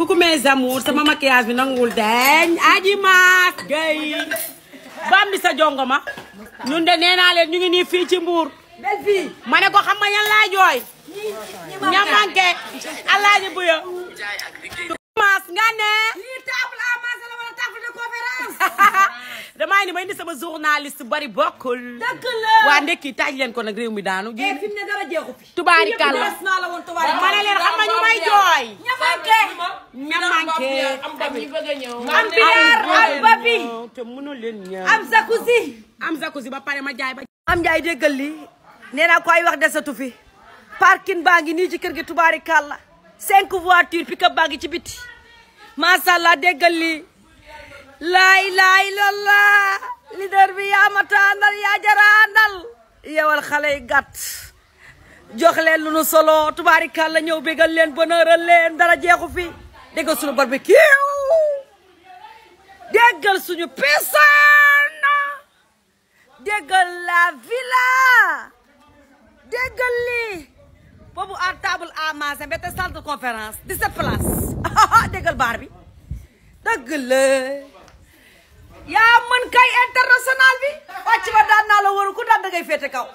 coucou mes amours sama maquillage bi nanguwul deñ aji maas gay bambi sa jongoma ñun de nee leen ñu ngi nii fii ci Mbour ma ne ko xam nga yan laa jooy ñamanke alaaji buya maas nga ne conférence de conférence. ni may ni sama journaliste bari bokkul. dëgg la waa ndekki taaj ko nag réew mi daanu. génn eh, fi mu ne dara jeexu fi. tubaari kàlla ma ne leen xam nga ñu jooy. am ba pare ma jaay ba. am njaay déggal lii ay wax desatu fi. parking baa ngi nii ci kër gi tubaari kàlla. cinq voitures pick-up ci biti. macha allah déggal Lai lola إلا الله لدربي يا ya jarandal ya wal خلي gat jox len lu nu solo tubaarikàlla ñew begal len bonheural len dara jexu fi degal suñu barbecue degal suñu piscine degal la villa degal li bobu a table a manger mbete salle de conférence 17 places degal baar bi le yaa mën kay international bi wàcc ba daan naa la wóoru ku daan da ngay féete kaw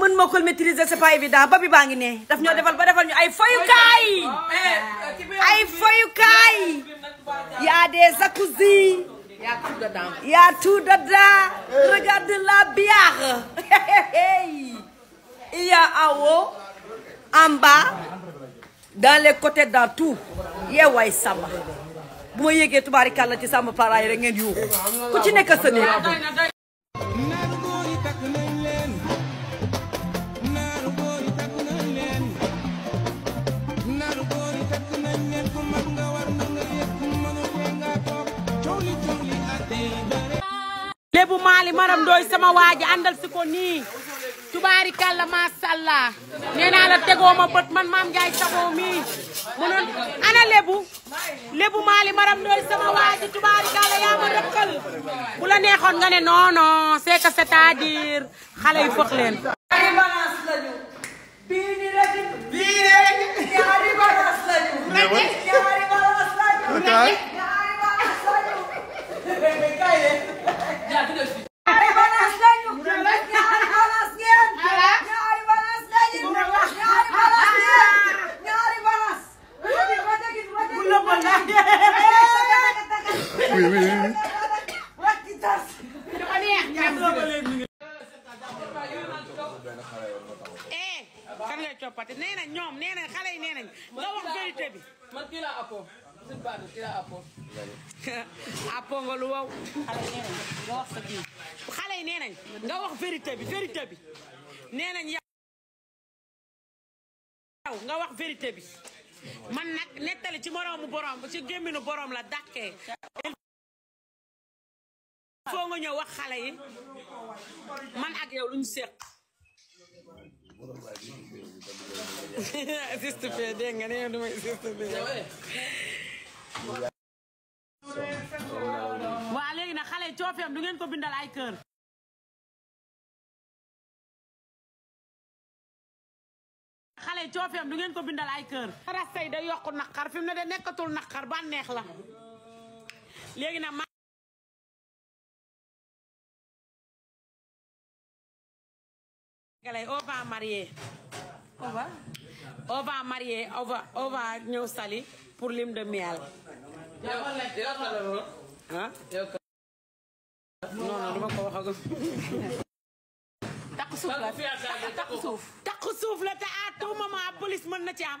mën ma ko maîtriser c'est pas évident ba bi baa ngi ne daf ñoo defal ba defal ñu ay fayukaay ay fayukaay y'a des jacuzzi y'a tout dedans y'a tout dedans regarde la bière il y a en en bas dans les côtés dans tout yee waay buma yegge yéegee tubaarikàlla ci sama yi rek ngeen yu ku ci nek sa néeg lébu mali maram doy sama waji andal siko ko nii tubaarikàlla ma sallah neena la tegoo ma bët man maam Njaay saxoo mii mënoon lébu maali maram ndooy sama waa ji yaa ma dëkkal bu la neexoon nga ne non non c'est que xale yi foog leen. ñaari balance lañu. bii nii kan ngay coppati nee nañ ñoom nee nañ xale yi nee nañ nga wax vérité bi man kii laa appoo suñu baat kii laa appoo appoo nga lu wow xale yi nee nañ nga wax sa kii xale yi nee nañ nga wax vérité bi vérité bi nee nañ yow nga wax vérité bi man nag nettali ci moroomu boroom ci gémminu boroom la dàqee foo nga ñëw wax xale yi man ak yow lu ñu séq assiste fee dégg nga waa léegi nag xale coofeem du ngeen ko bindal ay kër xale coofeem du ngeen ko bindal ay kër rasay da yokk naqar fi mu ne de nekkatul naqar bànneex la léegi nag galay au pas on va on va marier on va on va ñëw sali pour lune de miel. ah. non non dama ko wax ak. la ah, police na ci am.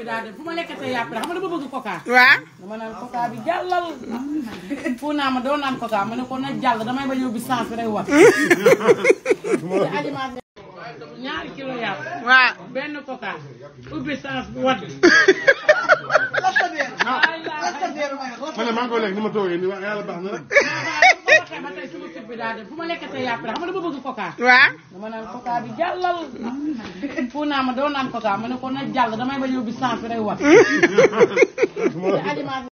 bi daal de bu ma lekkatee yàpp xam nga dama bëgg coca. waaw dama naan coca bi jàllal. fu naa ma doo naan coca ma ne ko na jàll damay ba yóbbu sens bi rek ma ne maa ngi lekk ni ma toogee nii waaye yàlla baax na rek. taxee ba tey sama sub bi daa def bu ma lekkatee yàpp rek xam nga dama bëgg coca. waaw dama naan coca bi jàllal. fu naa ma doo naan coca ma ne ko na jàll damay ba ñëw bi sans fi rek war.